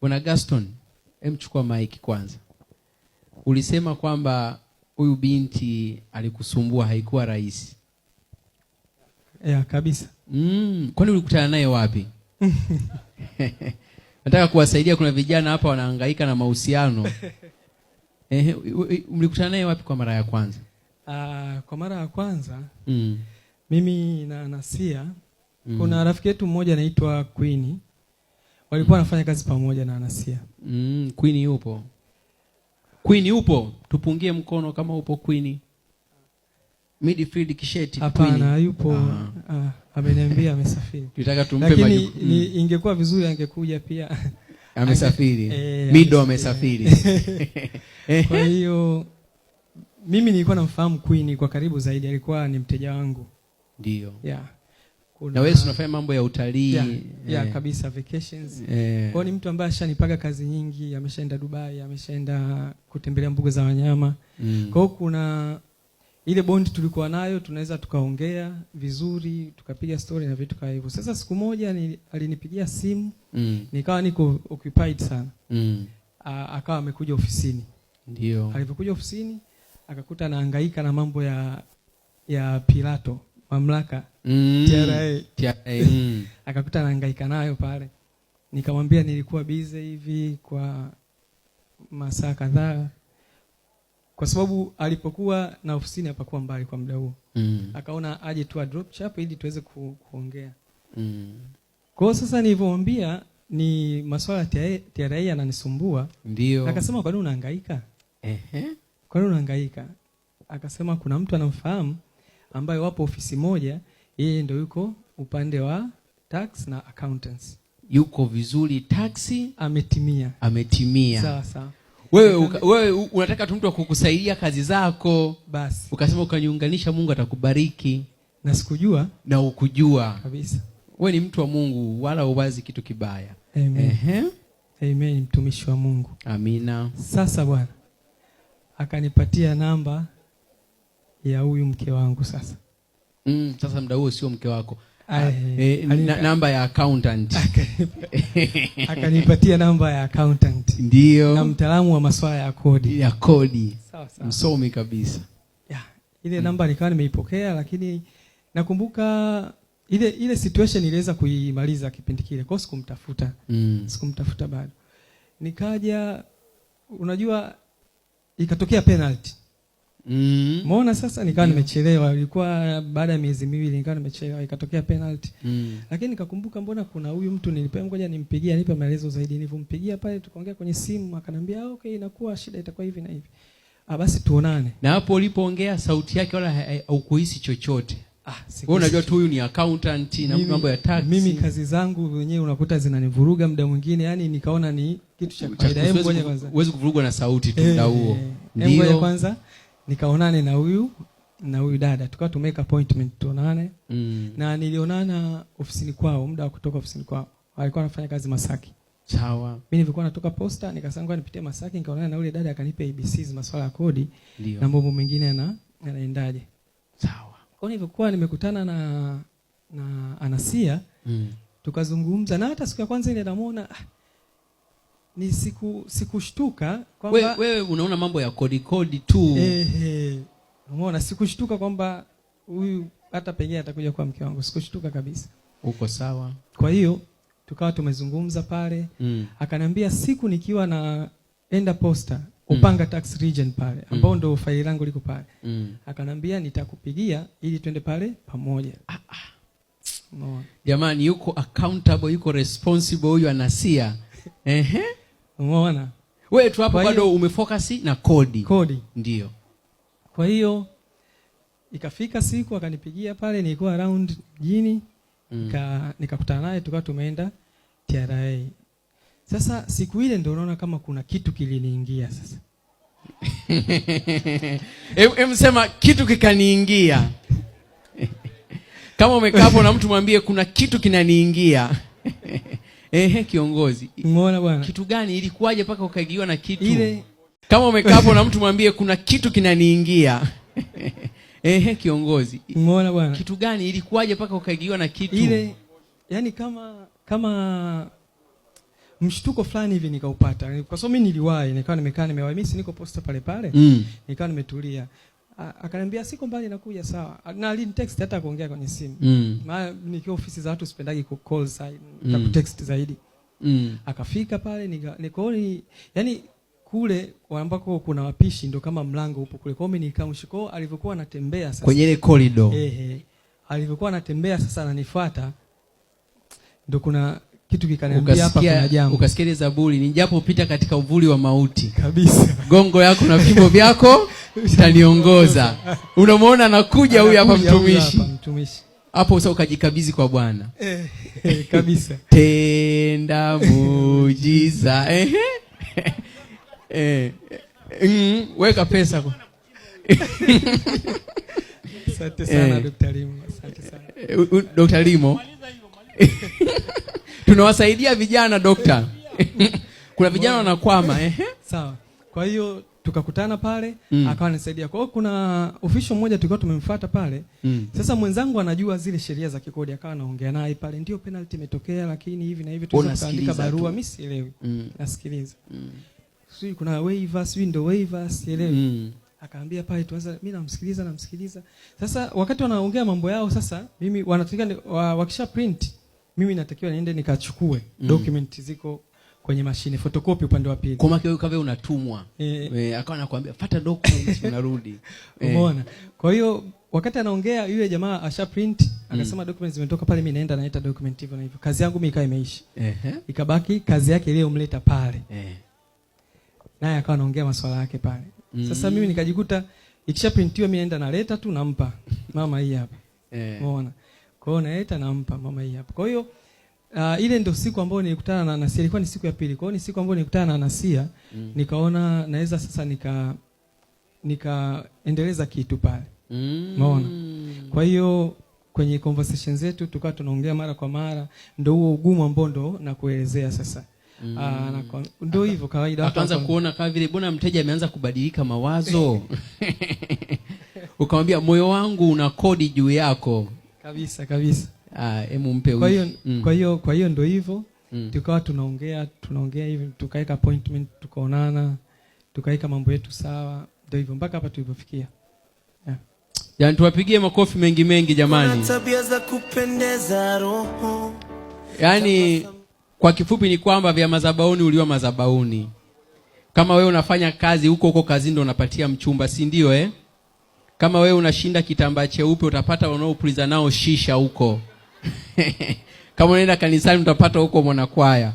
Bwana Gaston, emchukua maiki kwanza. Ulisema kwamba huyu binti alikusumbua, haikuwa rahisi yeah, kabisa. Mm, kwani ulikutana naye wapi? Nataka kuwasaidia, kuna vijana hapa wanahangaika na mahusiano. Eh, mlikutana naye wapi kwa mara ya kwanza? Uh, kwa mara ya kwanza mm. Mimi na Nasia mm. Kuna rafiki yetu mmoja anaitwa Queen walikuwa wanafanya kazi pamoja na Anasia. Mm, Queen yupo. Queen yupo. Tupungie mkono kama upo Queen. Midfield kisheti hapana, yupo ah. ah, ameniambia amesafiri. Tutaka tumpe majibu. Lakini ingekuwa vizuri angekuja pia. Amesafiri. E, Mido amesafiri. Kwa hiyo mimi nilikuwa namfahamu Queen kwa karibu zaidi, alikuwa ni mteja wangu. Ndio. Yeah kuna... na wewe unafanya mambo ya utalii yeah, yeah, eh, kabisa vacations eh. Kwao ni mtu ambaye ashanipaga kazi nyingi, ameshaenda Dubai, ameshaenda kutembelea mbuga za wanyama mm. Kwao kuna ile bondi tulikuwa nayo, tunaweza tukaongea vizuri tukapiga story na vitu kama hivyo. Sasa siku moja ni, alinipigia simu mm. nikawa niko occupied sana mm. akawa amekuja ofisini, ndio alivyokuja ofisini akakuta anahangaika na mambo ya ya Pilato mamlaka mm. mm. akakuta nahangaika nayo pale, nikamwambia nilikuwa bize hivi kwa masaa kadhaa, kwa sababu alipokuwa na ofisini apakuwa mbali kwa muda huo mm. akaona aje tu drop chap ili tuweze ku, kuongea mm. kwa sasa nilivyomwambia ni masuala ya ananisumbua ndio akasema, kwa nini unahangaika? Ehe, kwa Akasema kuna mtu anamfahamu ambayo wapo ofisi moja, yeye ndio yuko upande wa tax na accountants. Yuko vizuri tax, ametimia ametimia. Sawa sawa. Wewe wewe unataka tu mtu akukusaidia kazi zako, basi ukasema ukaniunganisha, Mungu atakubariki. Na sikujua na ukujua kabisa wewe ni mtu wa Mungu, wala uwazi kitu kibaya. Amen. Ehe. Amen, mtumishi wa Mungu. Amina. Sasa Bwana akanipatia namba ya huyu mke wangu sasa. Mm, sasa mda huo sio mke wako. e, na, namba ya accountant akanipatia namba ya accountant ndio, na mtaalamu wa maswala ya kodi ya kodi, msomi kabisa ya, ile mm. namba nikawa nimeipokea, lakini nakumbuka ile ile situation iliweza kuimaliza kipindi kile, kwa sikumtafuta mm, sikumtafuta bado. Nikaja, unajua, ikatokea penalty Mm. sasa nikawa yeah, nimechelewa. Ilikuwa baada ya miezi miwili nikawa nimechelewa ikatokea penalty. Mm. Lakini nikakumbuka mbona kuna huyu mtu nilipea ngoja nimpigie anipe maelezo zaidi. Nilipompigia pale tukaongea kwenye simu akanambia ah, okay, inakuwa shida itakuwa hivi na hivi. Ah, basi tuonane. Na hapo ulipoongea sauti yake wala haukuhisi chochote. Ah, wewe unajua tu huyu ni accountant na mambo ya tax. Mimi kazi zangu wenyewe unakuta zinanivuruga muda mwingine, yani nikaona ni kitu cha kawaida. Hebu ngoja kwanza. Uwezi kuvurugwa na sauti tu eh, muda huo. Eh, Ndio. Kwanza nikaonane na huyu na huyu dada tukawa tu make appointment tuonane mm. na nilionana ofisini kwao, muda wa kutoka ofisini kwao, alikuwa anafanya kazi Masaki sawa Mimi nilikuwa natoka Posta, nikasanga nipitie Masaki, nikaonana na yule dada akanipa ABCs masuala ya kodi na mambo mengine ana anaendaje sawa. Kwa hiyo nilikuwa nimekutana na na Anasia mm. tukazungumza, na hata siku ya kwanza ile namuona ah, ni siku sikushtuka kwamba wewe unaona mambo ya kodi kodi tu. Ehe, umeona, sikushtuka kwamba huyu hata pengine atakuja kuwa mke wangu, sikushtuka kabisa. Uko sawa? Kwa hiyo tukawa tumezungumza pale mm. Akaniambia siku nikiwa na enda posta kupanga mm. Tax Region pale mm. ambao mm. ndo faili langu liko pale mm. Akanambia nitakupigia ili twende pale pamoja. Ah, ah. No. Jamani, yuko accountable, yuko responsible huyu anasia ehe umeona wewe tu hapo bado umefocus na kodi kodi ndio kwa hiyo ikafika siku akanipigia pale nilikuwa around jini mm. nikakutana naye tukawa tumeenda TRA sasa siku ile ndio unaona kama kuna kitu kiliniingia sasa hem sema kitu kikaniingia kama umekaa na mtu mwambie kuna kitu kinaniingia Ehe, kiongozi. Umeona bwana? Kitu gani ilikuwaje mpaka ukaigiwa na kitu? Ile kama umekaa hapo na mtu mwambie kuna kitu kinaniingia. Ehe, kiongozi. Umeona bwana? Kitu gani ilikuwaje mpaka ukaigiwa na kitu? Ile yani kama kama mshtuko fulani hivi nikaupata. Kwa sababu mimi niliwahi, nikawa nimekaa nimewahi, mimi niko posta pale pale. Mm. Nikawa nimetulia akaniambia siku mbali, nakuja sawa. Na text hata kuongea kwenye simu mm. nikiwa ofisi za watu sipendagi ku call zaidi mm. na zaidi mm. akafika pale nika, nikaoni yani kule ambako kuna wapishi ndo kama mlango upo kule kwao, mimi nikamshi kwao. Alivyokuwa anatembea sasa kwenye ile corridor ehe, alivyokuwa anatembea sasa ananifuata, ndo kuna kitu kikaniambia hapa kuna jambo. Ukasikia ile Zaburi, nijapopita katika uvuli wa mauti kabisa, gongo yako na vibo vyako vitaniongoza. Unamwona anakuja huyu hapa mtumishi, hapo sasa ukajikabidhi kwa Bwana eh, eh, kabisa tenda muujiza eh, eh, eh, mm, weka pesa kwa Asante sana eh, Dr. Limo. Asante sana eh, Dr. Limo tunawasaidia vijana dokta. kuna vijana wanakwama eh. Sawa, kwa hiyo tukakutana pale mm. akawa anisaidia. Kwa hiyo kuna official mmoja tulikuwa tumemfuata pale mm. Sasa mwenzangu anajua zile sheria za kikodi, akawa anaongea naye pale, ndio penalty imetokea, lakini hivi na hivi tukaandika barua, mimi sielewi mm. nasikiliza mm. sio kuna waiver, sio ndio waiver, sielewi mm. akaambia pale tuanze mimi namsikiliza namsikiliza. Sasa wakati wanaongea mambo yao, sasa mimi wanataka wakisha print mm mimi natakiwa niende nikachukue mm. document ziko kwenye mashine photocopy upande wa pili. Kwa maana kawe unatumwa e, e, akawa anakuambia fuata document unarudi. Umeona? E. Kwa hiyo wakati anaongea yule jamaa asha print akasema mm. document zimetoka pale, mimi naenda naita document hivyo na hivyo. Kazi yangu mimi ikawa imeisha. Ehe. Ikabaki kazi yake ile umleta pale. Eh. Naye akawa anaongea masuala yake pale. Mm. Sasa mimi nikajikuta ikisha printiwa mimi naenda naleta tu nampa mama hii hapa. Eh. Umeona? Kwa hiyo naeta nampa mama hii hapa. Kwa hiyo uh, ile ndio siku ambayo nilikutana na nasia ilikuwa ni siku ya pili. Kwa hiyo ni siku ambayo nilikutana na nasia mm. nikaona naweza sasa nika nikaendeleza kitu pale. Mm. Kwa hiyo kwenye conversation zetu tukawa tunaongea mara kwa mara, ndio huo ugumu ambao ndo nakuelezea sasa. Mm. Ah, ndio hivyo kawaida watu wanaanza kuona kama vile bwana mteja ameanza kubadilika mawazo. Ukamwambia moyo wangu una kodi juu yako kabisa kabisa. Ah, mpe kwa hiyo mm. Kwa hiyo kwa hiyo ndio hivyo mm. Tukawa tunaongea tunaongea hivi, tukaweka appointment, tukaonana, tukaweka mambo yetu sawa, ndio hivyo mpaka hapa tulivyofikia Yeah. Yaani tuwapigie makofi mengi mengi jamani. Tabia za kupendeza roho. Yaani kwa kifupi ni kwamba vya mazabauni uliwa mazabauni Kama wewe unafanya kazi huko huko kazini ndio unapatia mchumba, si ndio eh? Kama wewe unashinda kitambaa cheupe utapata wanaopuliza nao shisha huko. Kama unaenda kanisani utapata huko mwanakwaya.